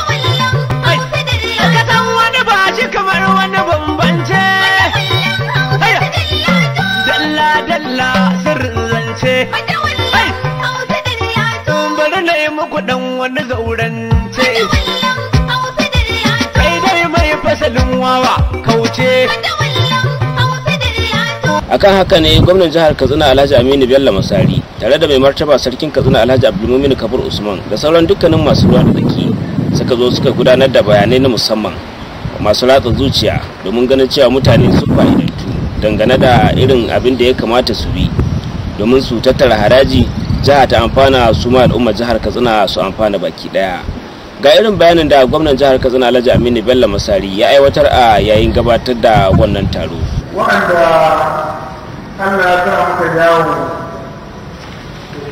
kuɗin wani kamar wani bambance. zaurance kai dai mai fasalin wawa kauce akan haka ne gwamnan jihar katsina alhaji aminu bello masari tare da mai martaba sarkin katsina alhaji abdulmumin kabir usman da sauran dukkanin masu ruwa da tsaki suka zo suka gudanar da bayanai na musamman masu ratsa zuciya domin ganin cewa mutane sun fa'idantu dangane da irin abin da ya kamata su bi domin su tattara haraji jiha ta amfana su ma al'ummar jihar katsina su amfana baki daya ga irin bayanin da gwamnan jihar katsina alhaji aminu bello masari ya aiwatar a yayin gabatar da wannan taro allah ya sa muka jawo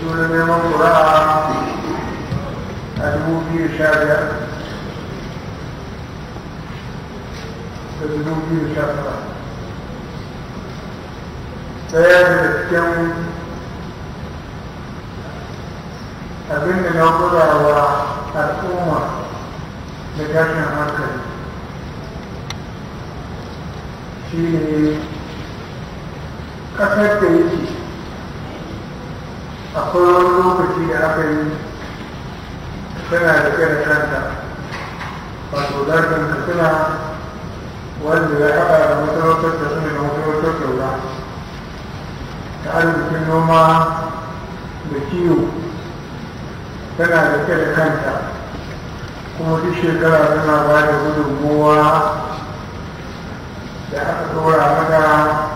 da neman الموفي شافع الموفي شافع بيان الكون abin da na kula wa al'umma da tashin hankali shi ne ƙasar da yake akwai wani lokaci da aka yi tana da da kanta wato zafin da suna wanda ya haɗa da masarautar da suna da masarautar kyauta ta arzikin noma da kiwo tana da da kanta kuma duk shekara suna ba da gudunmowa da aka tsora mata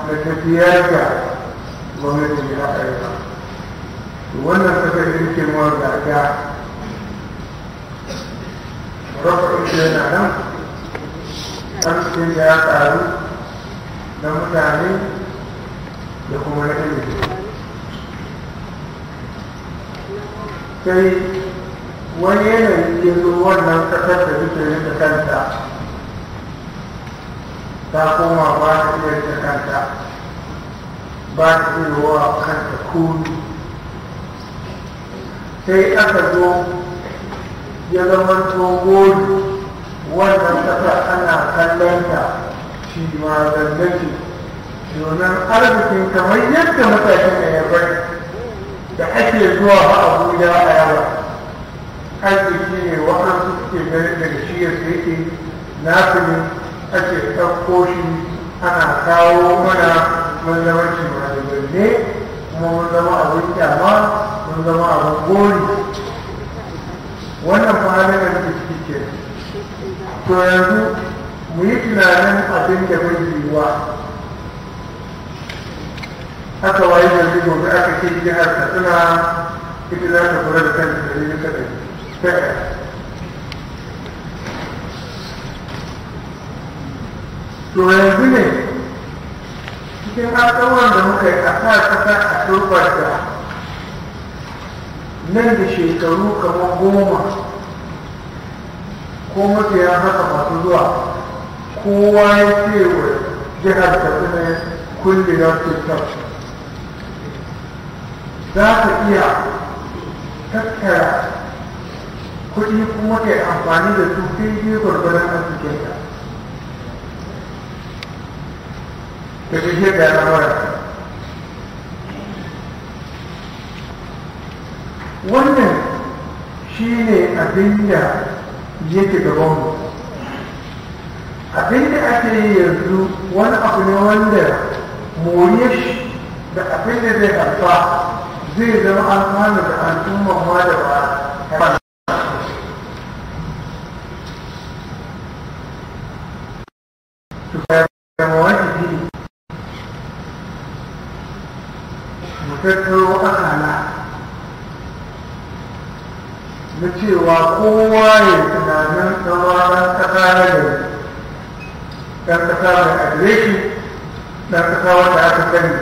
da tafiyar da gwamnati da aka yi wannan kasar yake mawar da lokacin da yana nan arzikin da ya karu na mutane da kuma na ilimi sai wani yanayi ya zo wannan kasar da suke rike kanta ta koma ba ta iya kanta ba ta iya wa kanta kuni sai aka zo ya zama togoli wannan kasa ana kallon ta shi ma domin arzikin kamar yadda mutane da ya bari da ake zuwa a abuja a yawa arziki ne waɗansu suke ganin daga shi ya yake su ne ake ɗauko shi ana kawo mana mun zama shi ma da ne kuma mun zama abin kyama mun zama abin gori wannan fara da ciki ke to yanzu mu yi tunanin abin da bai yiwuwa haka wayi yanzu gobe aka ce jihar katsina ita za ta kura da kanta da yi ta da to yanzu ne cikin alƙawar da muka yi a ta kasa a turbar da nan da shekaru kamar goma ko mafiya haka masu zuwa kowa ya ce wa jihar katsina kulle na cutar za ka iya tattara kudi kuma ka yi amfani da su sai dai gwargwaron arzikinka ta fi shekara mara wannan shi ne abin da yake gabanmu abin da ake yi yanzu wani abu ne wanda moriyar shi da abin da zai karfa zai zama an hana da al'ummar ma da ba mu tattaro na cewa kowa ne tunanin tsawaran kasa na da ɗan kasa mai adireshi ɗan kasa wanda aka sani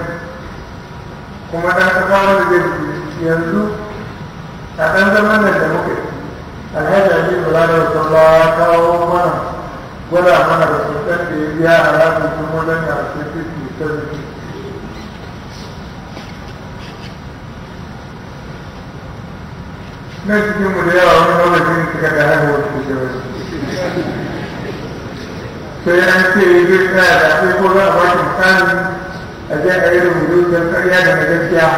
kuma ɗan kasa wanda zai yanzu a ɗan zaman nan da muka yi alhaji ali bala da wasan ba kawo mana gwada mana da sosai da ya biya a rafi kuma don da a cikin ناس تتم ديارة وانا اول سنين تكتها هو فيأتي يجيب هذا يقول لا واحد ثاني أجاء غير وجود الفريادة ما جبتها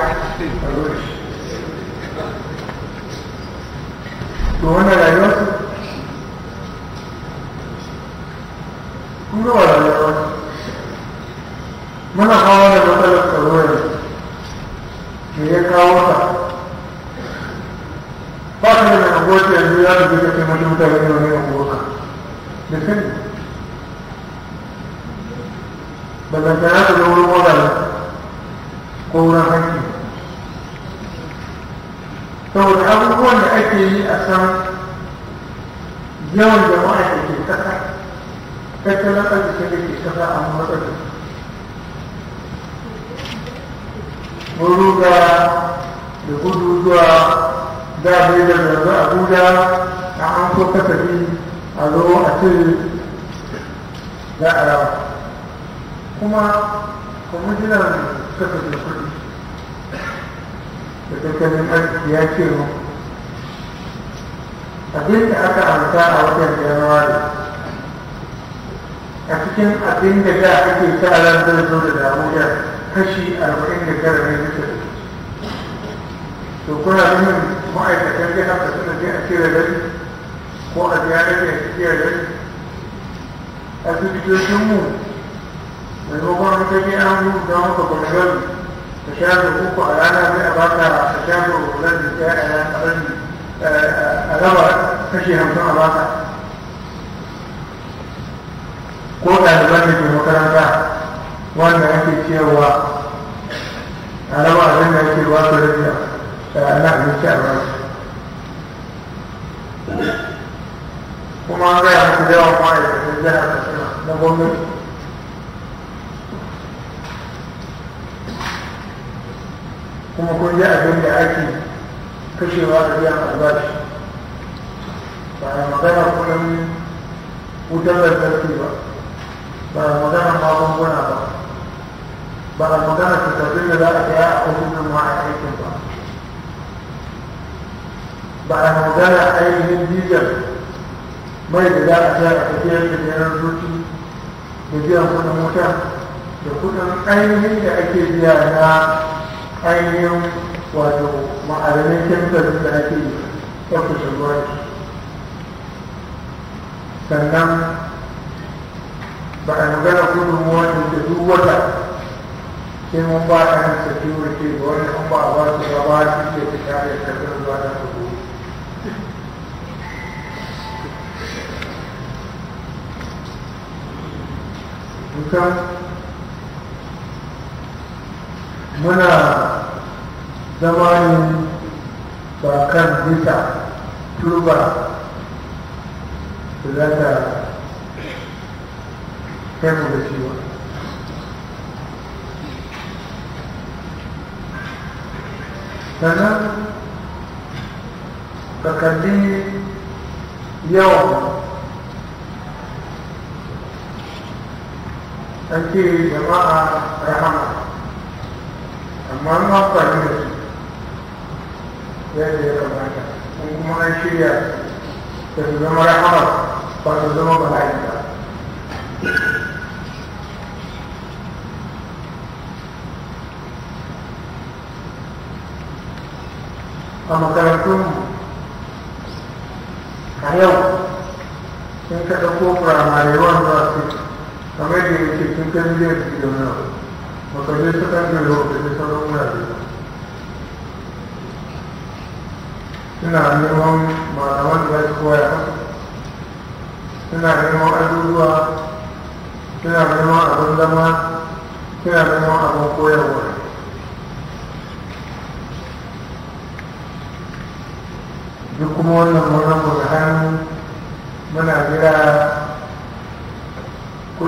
وهنا لا يوصل كله ولا يوصل من أخوانا بطلب قروية هي كاوطة ba ka da mai goce yanzu ya da zai kai mutum mutane ne wani yan goka da sani ballanta ya ka zo wurin wadana ko wurin hanki saboda abubuwan da ake yi a san yawan jama'a da ke kasa tattalin arzikin da ke kasa a matsalar mun ruga da gudu zuwa da bai da zarza abuja a an so kasafi a zo a ce za a raba kuma kwamishinan ta kuɗi da tattalin arziki ya ce mu abin da aka amsa a watan januwari a cikin abin da da ake sa ran zai da damuwa kashi arba'in da tara ne bisa to kuna ma'aikatan jihar da suna je a cire rai ko a ziyarar da ya cire rai asibitocinmu maimakon an kai an rubuta maka gwargar ta shafe uku a rana sai a baka ta shafe gwargar da ta yi a ranar a raba kashi hamsin a baka ko ɗaliban da ke makaranta wanda ake cewa a raba abin da ake ba su rabiya فنحن كامل ومع ذلك تداوم معي الذهب نظن kuma kun ji abin da ake kashewa da biyan albashi ba a magana kudin wutar lantarki ba ba a magana magunguna ba ba a magana tattafin da za a kaya a ofishin ma'aikacin ba ba a magana ainihin dizar mai da za a sha a tafiyar da yanar zuci da biyan kudin wuta da kudin ainihin da ake biya na ainihin wato ma'adanin kyantar da ake tsaftace ruwa sannan ba a magana kudin wani da duk wata sai mun ba a yin yan security wani an ba a ba su gaba su ke fita da karfin ruwa na kudu cuta muna zama ne ba kan bisa turba da za ta kaimu da ciwo sannan ka yawan an ce jama'a rahama amma an amfani da su yadda ya kamata kuma an shirya da zama rahama ba su zama bala'i ba a makarantun a yau sun ka ɗauko firamare wanda su kamar da yake sun kai miliyan su da wani abu baka je su kan gari baka je sauran wurare ba suna neman malaman da za su koya suna neman eh? abubuwa suna neman abin zama suna neman abin koyarwa duk kuma wannan murnan mu da hannu muna jira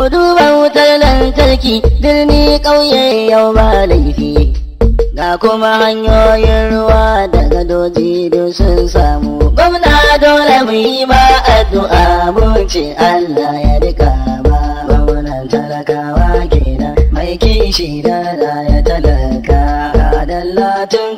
Ku duba wutar lantarki birni ƙauye yau ba laifi. Ga kuma hanyoyin ruwa da gadoji duk sun samu. Gwamna dole mu yi ma addu'a mun ce Allah ya rika ba. Gwamnan talakawa kenan mai kishi da ya talaka. Adalla tun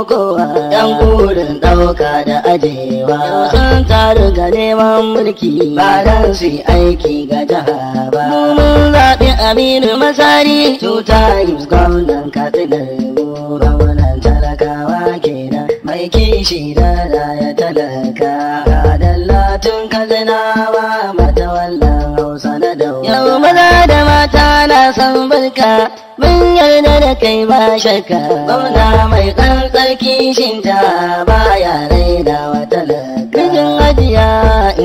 kokowa yan gudun ɗauka da ajewa sun taru ga neman mulki ba dan su aiki ga jaha ba mun zaɓi aminu masari tuta yus gwamnan katsinar gobe wannan talakawa ke aiki kishi da ya talaka adalla tun ba mata wallan hausa na dawa yau maza da mata na san barka mun yarda da kai ba shakka gwamna mai tsantsar kishin ba ya raina wa talaka mijin ajiya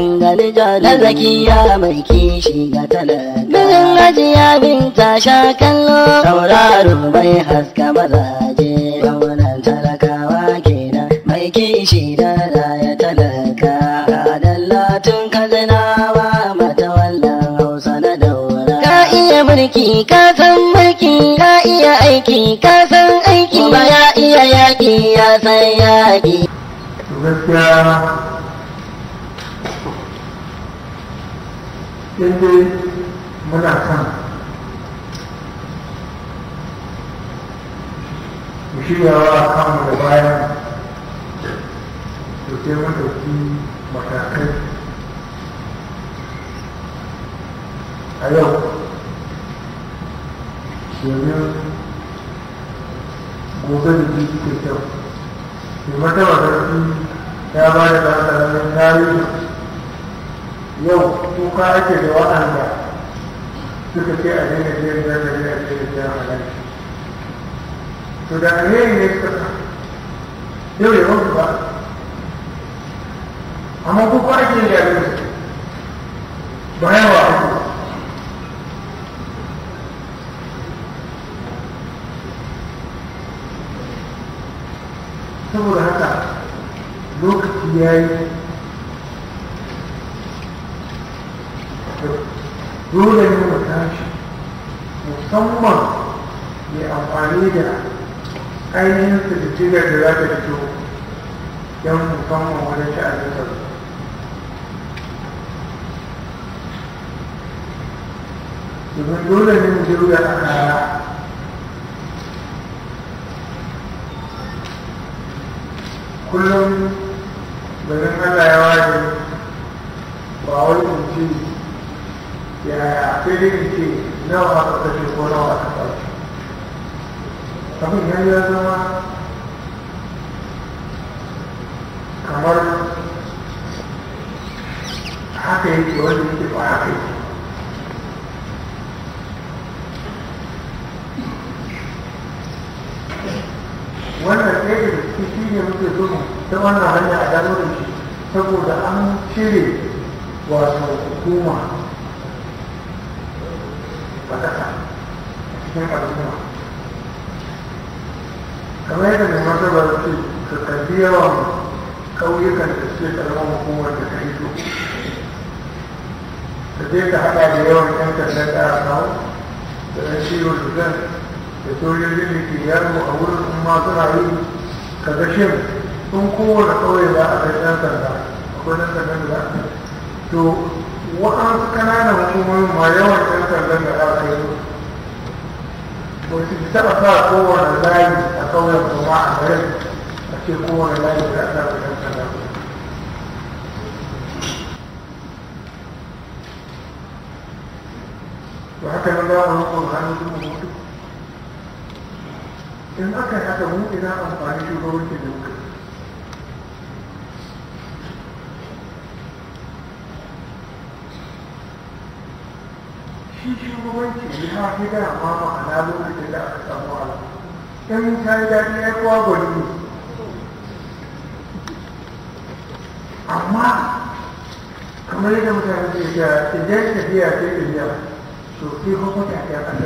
inda nija na zakiya mai kishi ga talaka Bikin ajiya bin sha kallo sauraro mai haska mazaje gwamnan talaka shi da ya talaka adalla tun kazinawa mata wallan hausa na daura ka iya mulki ka san mulki ka iya aiki ka san aiki ba ya iya yaki ya san yaki. gaskiya inda muna kan mu shiryawa kanmu da bayan sai mun ɗauki matakai a yau domin gobe da ji ke kyau mai mata ya ba da ƙasararren tarihi yau kuka ake da wa'anda suka ce a daina biyan zarari a cikin biyan halari to da alheri ne suka yau ya wasu ba amma ko ake yi yare ba yawa ake saboda haka lokaci ya yi dole ne mu tashi musamman mai amfani da ainihin su da da za ta fito don musamman wani sha'anin sarki domin dole ne mu je wuya a kara kullum da garin Allah ya waje ba wani mutum ya yi a sai dai ce nawa aka kashe ko nawa aka kashe abin ya ya zama kamar haka yake wanda yake ba haka yake ne muke so ta wannan hanya a gano da shi saboda an cire wasu hukuma a ƙasa a cikin al'umma kamar yadda mai martaba ce ka kalli yawan ƙauyukan da suke ƙaramin hukumar da ta hito ka je ka haɗa da yawan ƴan kallon da aka da ɗan ciwo da da sojojin da ke yaro a wurin ma suna yi kaga shin in kowane kawai za a kai ɗan sanda akwai ɗan sandan da to waɗansu ƙananan hukumomin ma yawan ɗan sandan da za a kai su ba su fi taɓa sa kowane layi a ƙauyen kuma a garin a ce kowane layi da za a ɗan sanda to haka nan za mu hukun hannu in aka haka mu ina amfani wuce da muka shi shi shugabanci ya fi da ma ma'ana lokacin da aka samu ala in ta yi daɗi ya kuwa gwani ne amma kamar yadda mutane ke da idan tafiya ta yi tafiya to sai hukunta ta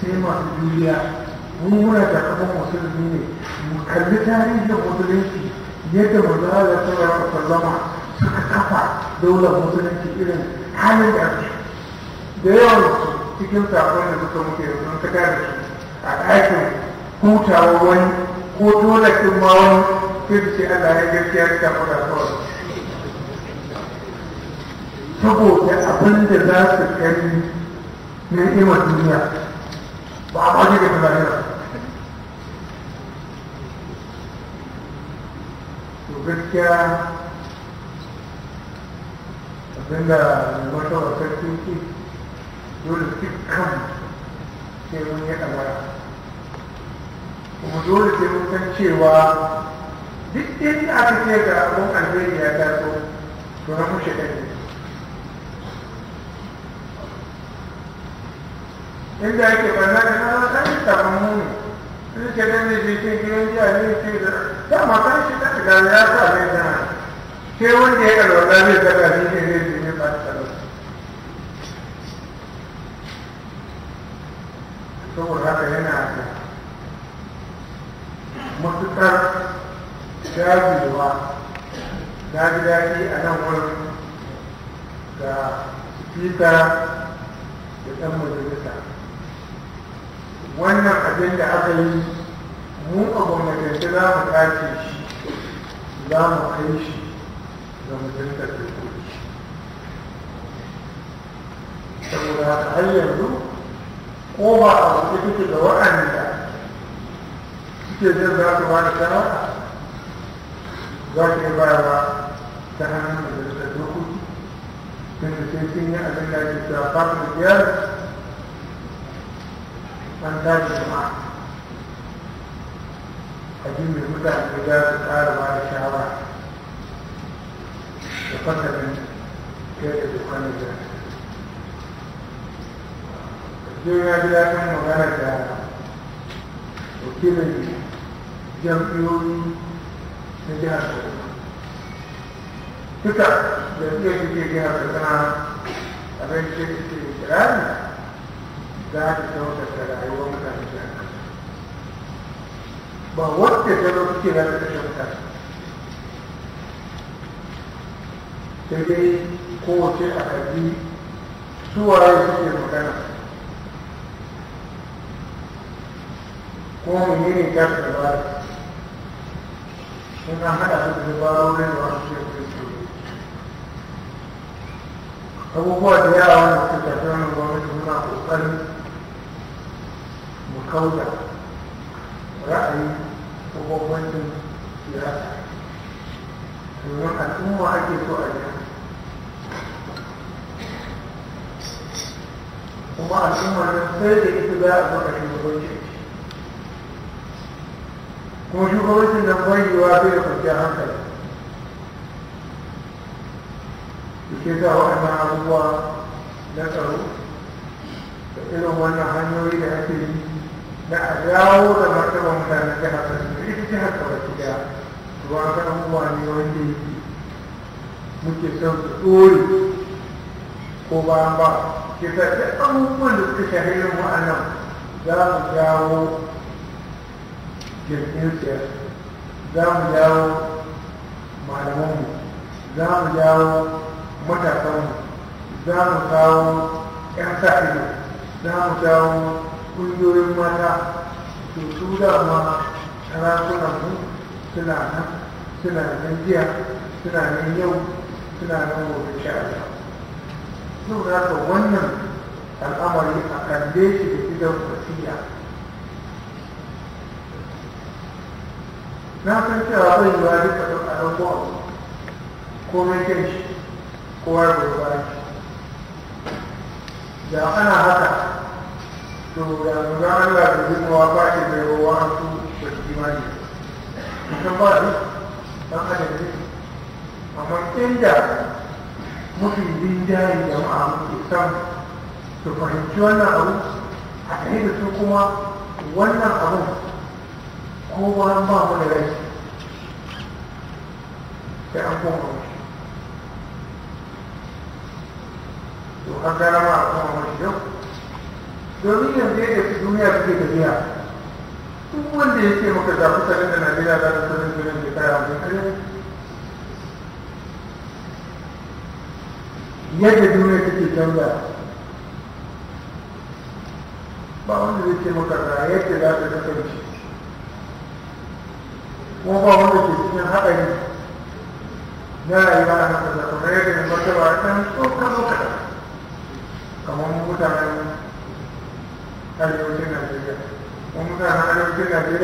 sai masu juriya mu muna da kaman musulmi ne mu kalli tarihin musulunci yadda manzara ta ba ta sallama suka kafa daular musulunci irin halin da ake da yawan cikin sakon da suka muke yanzu sun saka da su a ɗakin hutawa wani ko dole ɗin ma wani sai su ce Allah ya gaskiya ta fara kawai saboda abin da za su kai na ima duniya ba a ba da ta gaskiya abinda mata wasarki ki dole dukkan sai mun yi ɗabara kuma dole sai mun san cewa duk inda aka ce ga abin alheri ya taso to na mushe ɗan inda ake barna da nama kan yi muni in ce ɗan da jikin gidan jiya ne ce da dama kan islam ya sa mai sana sai wanda ya alwala mai da shi ne zai yi ba ta saboda haka yana da matukar dagewa na daji a nan wurin ga fita da ɗan majalisa wannan abin da aka yi mu a gwamnatance za mu tace shi za mu kai shi ga mutum da dokoki saboda haka har yanzu ko ba a wuce take da waɗanda suke jin za su ba da za su yi bayarwa ta hannun majalisar dokoki tun da sai sun yi abin da ake cewa fatin biyar an dace ma. أجل المتع الإجابة تعالى على شهوات وقسم كيف تكون ذلك الدنيا بلا كم وغلتها وكبر جمع نجاح تتع لأنه أيوة. يجب جهة بسنا أبين شيء في الكلام ذات سوى السلام ba wadda ta zo take za ta mutane sai dai kowace a kaji suke magana kuma menene ta ta dabara sun su da da abubuwa da yawa wanda suka shafi wani gwamnati muna ra'ayi وقوة سياسة domin al'umma ake so a yi kuma al'umma nan sai da ita za a zama shugabanci kuma shugabancin nan bayyuwa zai da kwanciyar hankali da ke sa waɗannan abubuwa na tsaro da irin wannan hanyoyi da ake yi na a dawo da martaban mutanen jihar jihar da baki daya ruwa ruwa ne wanda yake muke son su ɗore ko bayan ba ke sa duk abubuwan da suka shafi irin wa'annan za mu jawo jirgin siyasa za mu jawo malamanmu za mu jawo matasanmu za mu kawo 'yan sa ido za mu jawo ƙungiyoyin mata to su dama sarakunanmu suna nan suna nan jiya suna nan yau suna nan gobe yau za wannan al'amari a da gidan wasiya na san cewa bai yiwa duka don a ɗauko abu komai kyan shi kowa shi da ana haka to da mu ga Allah da zai mawa ba shi da imani mutum ba rai dan adam ne amma su fahimci wannan abu a da su kuma wannan abin ko ba ba mu da rai sai an koma to an yau domin yanzu yadda duniya suke tafiya duk wanda ya ce maka ga kusurin da najeriya za ta kudin kudin da kaya hamsin kare yadda duniya take canza ba wanda zai ce maka ga yadda za ta kasance ko ba wanda ke cikin haɗari na rayuwa kasa kuma na mutanen arewacin najeriya don mutanen arewacin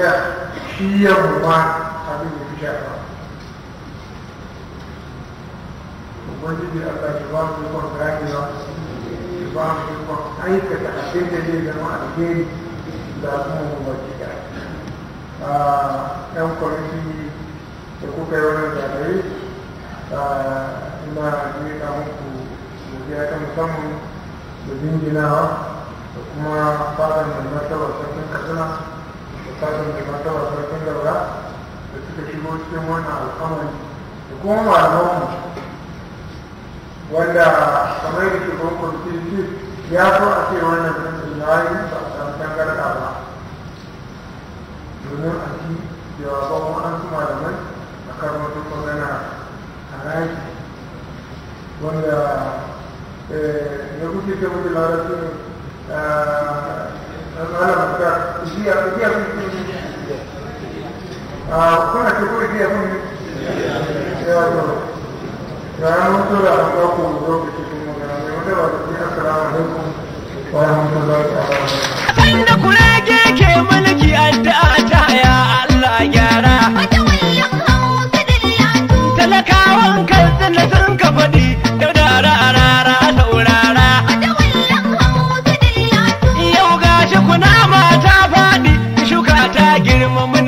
shi ya abin da fi shafa ubangiji allah ganewa shi ba da zai da kuma da da kuka yi wannan zagaye ah, ina miƙa muku godiya ta musamman da da kuma fadar mai martaba sarkin katsina da fadar mai martaba sarkin daura da suka shigo cikin wannan al'amari da kuma malamanmu wanda kamar da shugaban kwamfuti ya so a ce wannan kansu na yi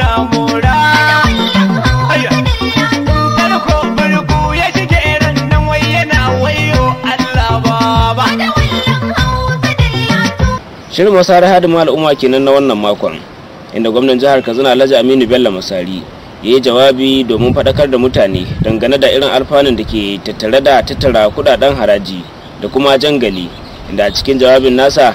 shirin mora nan Shirin masari hadin al'umma kenan na wannan makon inda gwamnan jihar Katsina Alhaji Aminu Bello Masari ya yi jawabi domin faɗakar da mutane dangane da irin alfanun da ke tattare da tattara kudaden haraji da kuma jangali inda a cikin jawabin nasa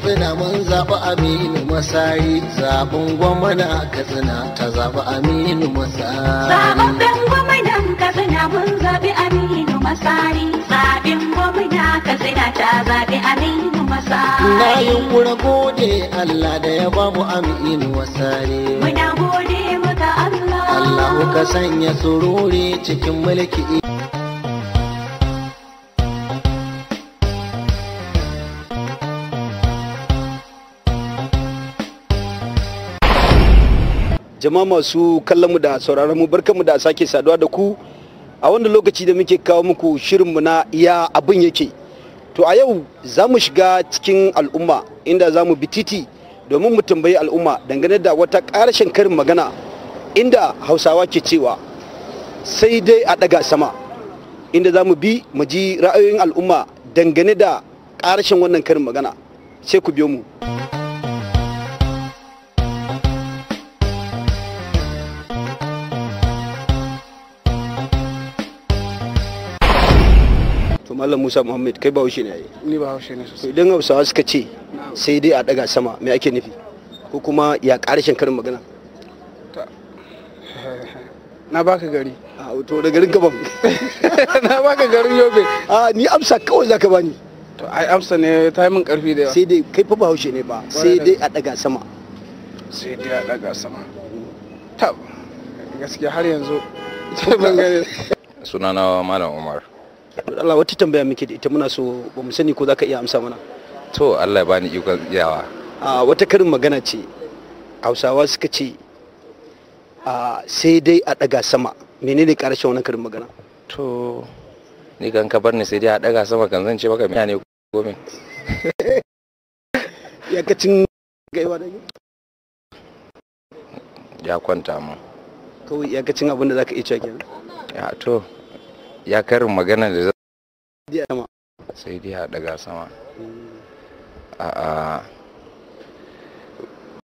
katsina mun zaɓi aminu masari zaɓin gwamna katsina ta zaɓi aminu masari zaɓin gwamnan katsina mun zaɓi aminu masari zaɓin gwamna katsina ta zaɓi aminu masari na yi wura gode allah da ya ba mu aminu masari muna gode maka allah Allah ka sanya sururi cikin mulki jama'a masu kallon mu da sauraron mu barkan mu da sake saduwa da ku a wanda lokaci da muke kawo muku shirin mu na iya abin yake to a yau za mu shiga cikin al'umma inda za mu bi titi domin mu tambayi al'umma dangane da wata karshen karin magana inda hausawa ke cewa sai dai a ɗaga sama inda za mu bi mu ji ra'ayoyin al'umma dangane da ƙarshen wannan karin magana sai ku biyo mu. Allah Musa Muhammad kai ba haushe ne ai. Ni ba haushe ne sosai. Idan Hausawa suka ce sai dai a daga sama me ake nufi? Ko kuma ya ƙarshen karin magana? Na baka gari. A to da garin gaban. Na baka garin Yobe. A ni amsa kawai zaka bani. To ai amsa ne ta yi min karfi da yawa. Sai dai kai fa ba haushe ne ba. Sai dai a daga sama. Sai dai a daga sama. Mm. Tab. Gaskiya har yanzu. Sunana Malam Umar. Allah wata tambaya muke da ita muna so ba mu sani ko za ka iya amsa mana to Allah ya bani ikon yawa. a wata karin magana ce hausawa suka ce a sai dai a daga sama menene karshen wani karin magana to ni kan ka bar ni sai dai a daga sama kan zan ce baka miya ne gomin ya kacin gaiwa da ya kwanta mu kawai ya kacin abin da zaka iya cewa kenan ya to ya karin magana da za sai dai haɗa ga sama mm. a'a